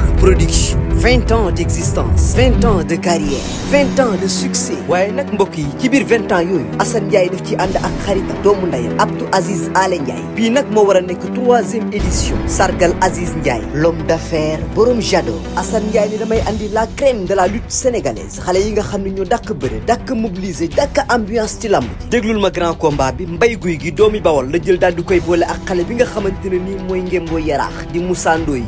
Baol Production 20 ans d'existence 20 ans de carrière 20 ans de succès waaye nag mbokk yi ci biir 20 ans yooyu Assane Ndiaye daf ci ànd ak xarita doomu ndeyam Abdou Aziz Ale Ndiaye bii nag moo war a nekk troisième édition sargal Aziz Ndiaye l'homme d'affaires borom jado Assane Ndiaye ni damay indi la crème de la lutte sénégalaise xale yi nga xam ne ñoo dàkk bëre dàkk mobiliser dàkk ambiance ci lamb ji déglul ma grand combat bi mbay guy gi doomi Baol la jël daal du koy boole ak xale bi nga xamante ne nii mooy ngémboo yaraax di Moussa Ndoye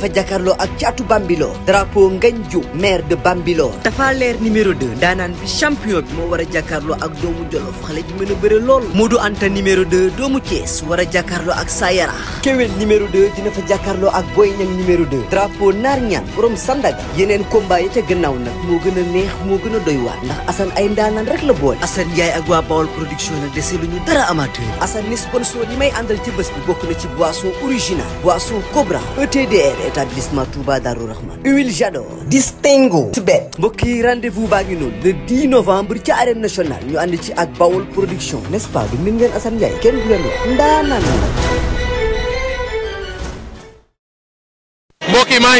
dafa jàkkaarloo ak caatu Bambilor drapeau Ngagne Diouf maire de Bambilor dafa leer numéro 2 daanaan bi champion bi moo war a jàkkaarloo ak doomu Jolof xale bi mën a bëre lool du Anta numéro 2 doomu Thiès war a jàkkaarloo ak Sayara Kewel numéro 2 dina fa jàkkarloo ak Boy Niang numéro 2 drapeau Naar Ñaan borom Sandaga yeneen combat yi ca gannaaw nag moo gën a neex moo gën a doy waar ndax Assane ay ndaanaan rek la boole Assane Ndiaye ak waa Bawol production nag dese lu ñu dara amateur Assane ni sponsor yi may àndal ci bés bi bokk na ci boisson original boisson Cobra ETDR établissement Touba Darou Rahman huile Jador distingo Tibet mbokk yi rendez-vous baa ngi noonu le 10 novembre ci arène nationale ñu ak Bawol production nest pas du min ngeen Assane kenn du leen wax ndaanaan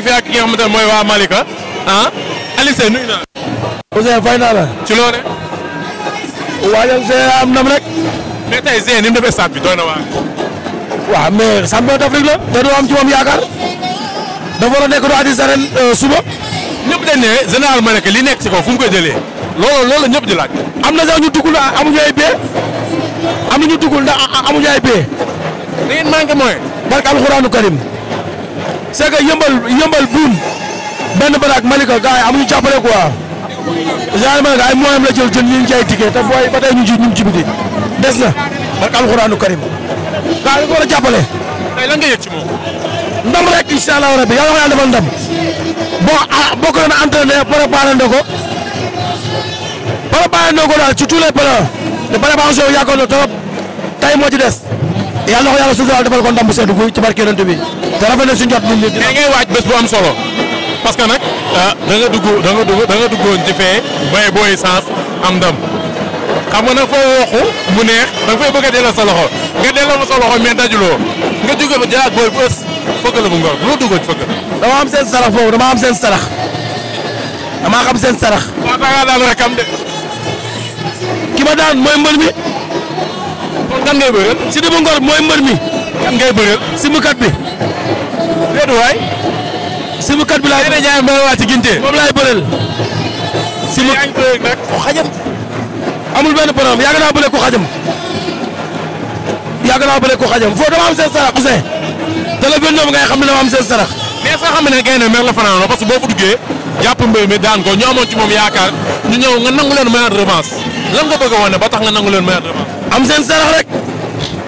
fi ak ki nga xamante ne mooy waa Malika ah Aliou naa Ousseyn fay naa la ci loone waajal am nam rek mais tey Seye ni mu defee stade bi na waa waaw mais champion d'Afrique la te am ci moom yaakaar dafa war a nekk roi des arènes euh, suba. ñëpp dañ ne général Malika li nekk si kaw fu mu koy jëlee loolu loolu ñëpp di laaj. am na sax ñu duggul amuñu ay bee am na ñu duggul ndax amuñu ay bee. da ngeen manqué mooy. barke alxuraanu karim c'est que yëmbal yëmbal buum benn baraak Malika gars yi amuñu jàppale quoi. général Malika ay moyens la jël jël ñu ngi jaay ticket te booy ba tey ñu ji ñu ngi ci biti des na barke alxuraanu karim gars yi dañu ko jàppale. tey lan nga yëg ci moom. ndam rek incha allahu rabi yàlla wax yàlla defal ndam boo ah boo ko doon entraîné préparé na ko préparé na ko daal ci tous les plans de préparation bi yàggoon na trop tey moo ci des yàlla wax yàlla suuf daal defal ko ndam bu sedd bu ci barke yonent bi te rafet na suñu jot nit ñi. ngay waaj bés bu am solo parce que nag ah, da nga dugg da nga dugg da nga duggoon ci fee bay booy sens am ndam xam nga nag foo waxu mu neex da nga fay bëgg a delloo sa loxo nga delloo sa loxo mais fëgg la bu ngor loo duggoon fëgg la. dama am seen sarax foofu dama am seen sarax dama xam seen sarax. waaw da ngaa daan rek am de. ki ma daan mooy mbër mi. kon kan ngay bëreel. si bu ngor mooy mbër mi. kan ngay bëreel. simukat bi. déedéet waay. simukat bi laay. déedéet ñaar mbër waa ci ginte. moom laay bëreel. simu yaa ngi bëreel nag ku xajam. amul benn problème yàgg naa bële ku xajam. yàgg naa bële ku xajam foofu dama am seen sarax. te le vingt neuf xam ne dafa am seen sarax. mais est-ce que xam ne gaynde mer la fanaan parce que boo ko duggee jàpp mbéy daan ko ñu amoon moom yaakaar ñu ñëw nga nangu leen mayaat revanche lan nga bëgg a wane ba tax nga nangu leen mayaat revanche. am seen sarax rek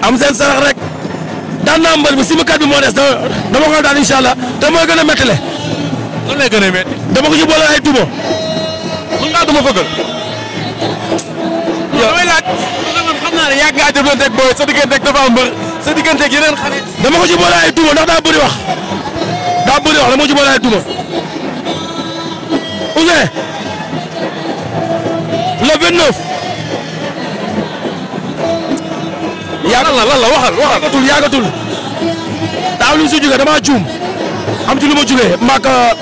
am seen sarax rek daan naa mbër bi simukat bi moo des dama dama ko daan incha allah te mooy gën a métti le. lan lay gën a métti. dama ko ci boole ay tubo. mën ngaa duma fëggal. yàgg ngaa jëflante ak booy sa diggante ak dafa mbër sa diggante ak yeneen xale. dama ko ci boole ay duma ndax daa bëri wax daa bëri wax dama ko ci boole ay duma Ouzin le 29. yàgg la lan la waxal waxal yàggatul yàggatul daaw li mu si jógee damaa juum am ci lu ma jógee mbaak euh,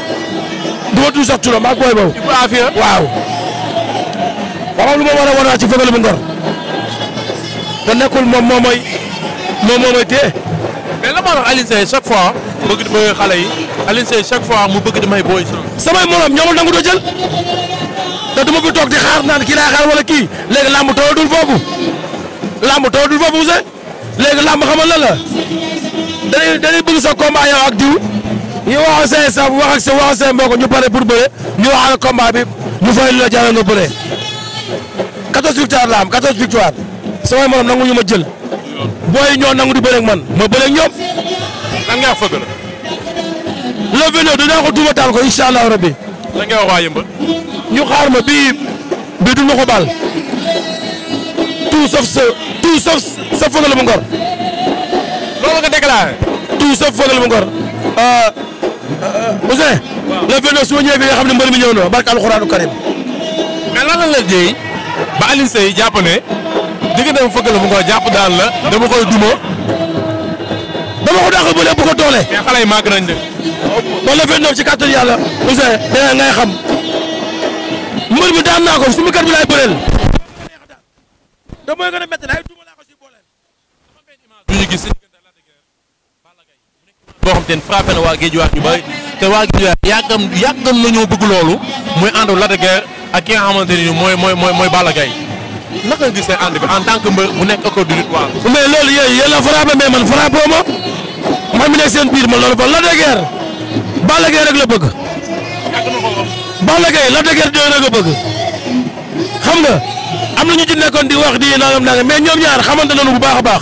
du ma tudd sax turam mbaak booy boobu. waaw. waaw lu ma war a wan ci fëgal ngor. te nekkul moom moo mooy moom moo mooy téye. mais la moo tax Alioune Seye chaque fois bëgg di bëgg xale yi Alioune Seye chaque fois mu bëgg di may booy. samay morom ñoomul nangu doo jël te du ma fi toog di xaar naan kii laa xaar wala kii léegi làmb tooladul foofu làmb tooladul foofu Ousseyn léegi làmb xamal la la dañuy dañuy bëgg sa combat yow ak diw ñu waxoon seen sa wax ak sa waxoon seen mbokk ñu pare pour bëre ñu waxal combat bi ñu fay lu la jaral nga bëre 14 victoire la am 14 victoire. samay morom nangu ñu ma jël booy ñoo nangu di bëre ak man ma bëre ak ñoom. lan ngaa fëgg la. le vélo dinaa ko duma taal ko incha allah rabbi. lan ngay ñu xaar ma bii bii duñ ko baal tout sauf sa tout sauf sa fëgal bu ngor. loolu nga déclaré. tout sauf fëgal bu ngor. Euh, euh, Ousseyn. waaw le vélo su ma ñëwee fii nga xam ne mbër mi ñëw na barke alxuraanu karim. mais la la jëy ba Alioune fëgg la mu ko jàpp daal la. dama koy duma. dama ko dàq bële bu ko doole. mais xale yi màgg nañ de. ba le 29 ci kàttan yàlla. Ousseyn dana ngay xam. mbër mi daan naa ko suñu kër bi laay bëreel. damay gën a métti laay duma laa ko boo xam te ne na waa Guédiawaye ñu bëri te waa Guédiawaye yàggam yàggam nañoo bëgg loolu muy ànd Lac de ak ki nga xamante ni mooy mooy mooy Balla naka nga gisee ànd en tant que mbër bu nekk école de lutte waaw. mais loolu yooyu yéen la frappé man frappé ma man mi nekk seen biir man loolu ba Lac de Balla Gaye rek la bëgg. Balla Gaye Lac de Guiers rek la bëgg xam nga am na ñu ci nekkoon di wax di nangam nangam mais ñoom ñaar xamante nañu bu baax a baax.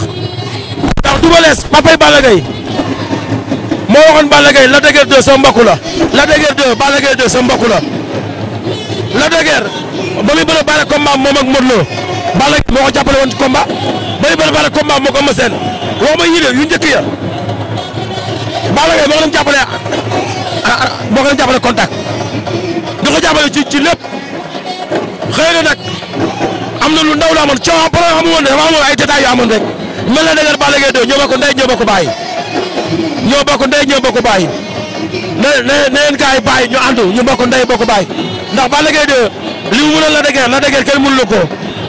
ndax Double Less papay Balla Gaye moo waxoon Balla Gaye Lac de Guiers 2 sa mbokk la Lac de Guiers Balla Gaye 2 sa mbokk la. Lac de Guiers ba muy bëre baare combat moom ak Modou Lo Balla Gaye moo ko jàppale woon ci combat ba muy bëre baare combat moo ko Eumeu Sène ma yii de yu njëkk ya Balla moo ko doon jàppale ah, ah, moo ko doon jàppale contact ci ci lépp xëy na nag am na lu ndaw la amoon coow problème amu woon de dafa amoon ay détails am rek mel na Lac de Guiers Balla Gaye doo ñoo bokk ndey ñoo bokk baay ñoo bokk ndey ñoo bokk baay na na na leen gars yi bàyyi ñu ànd ñu bokk ndey bokk baay ndax Balla Gaye 2 li mu mënoon Lac de Guiers Lac de Guiers kenn mënul ko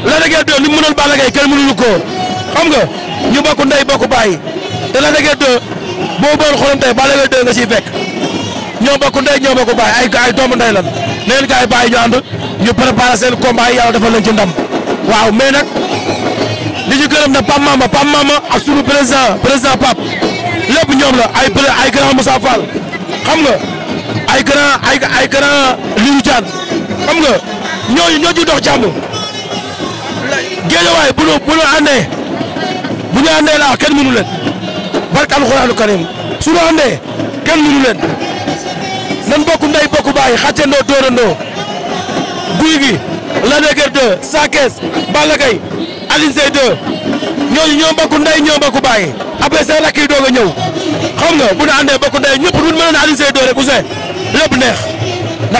Lac de Guiers 2 li mu mënoon Balla Gaye kenn mënul ko xam nga ñu bokk ndey bokk baay te Lac de Guiers 2 boo boole xolam tey Balla Gaye 2 nga siy fekk ñoo bokk ndey ñoo bokk baay ay ay doomu ndey lan ne leen gars yi bàyyi ñu ànd ñu préparé seen combat yi yàlla defal leen ci ndam waaw mais nag li ñu gërëm na Pape Mama Pape Mama ak sunu président président Pape lépp ñoom la ay ay grand Moussa Fall xam nga ay grand ay ay grand Lirou Diane xam nga ñooñu ñoo ci dox jàmm géejawaay bu ñu bu ñu àndee bu ñu àndee laa kenn mënu leen barke alxuraanu karim su ñu àndee kenn mënu leen nan bokk ndey bokk baay xàccandoo dóorandoo guy gi Lac de Guiers 2 Sa Thiès Balla Gaye Alioune Seye 2 ñooñu ñoo bokk ndey ñoo bokk baay après seen rakk yi doog a ñëw xam nga bu ñu àndee bokk ndey ñëpp duñ mën a ne Alioune rek ku see neex ndax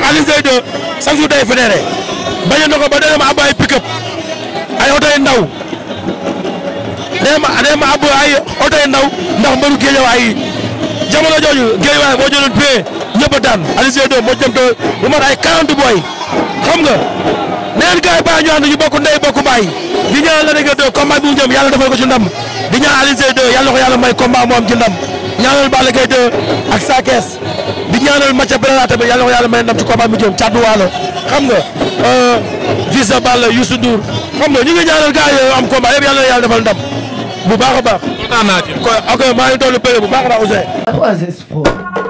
Alioune Seye chaque jour day fédéré na ko ba dana ma ab ay pick-up ay oto yu ndaw dana ma dana ma ay oto yu ndaw ndax mbaru géejawaay yi jamono jooju géejawaay boo jëloon pee ñëpp a daan Alioune Seye moo jëm te bu mat ay 40 boy xam nga neen gars yi baax ñu ànd ñu bokk ndey bokk baay di ñaan la dégg nga combat bi mu jëm yàlla ko ci ndam di ñaan Alioune Seye yàlla ko yàlla may combat moom ci ndam. ñaanal Balla Gaye ak Sa Thiès di ñaanal Mathia Birara tamit yàlla na yàlla may ndam ci combat bi jëm Thiatou Walo xam nga Visa euh, Balla Youssou Ndour xam nga ñu ngi ñaanal gars yooyu am combat yëpp yàlla na yàlla defal ndam bu baax a baax. kontaan naa ci. ok maa ngi dolli péré bu baax a baax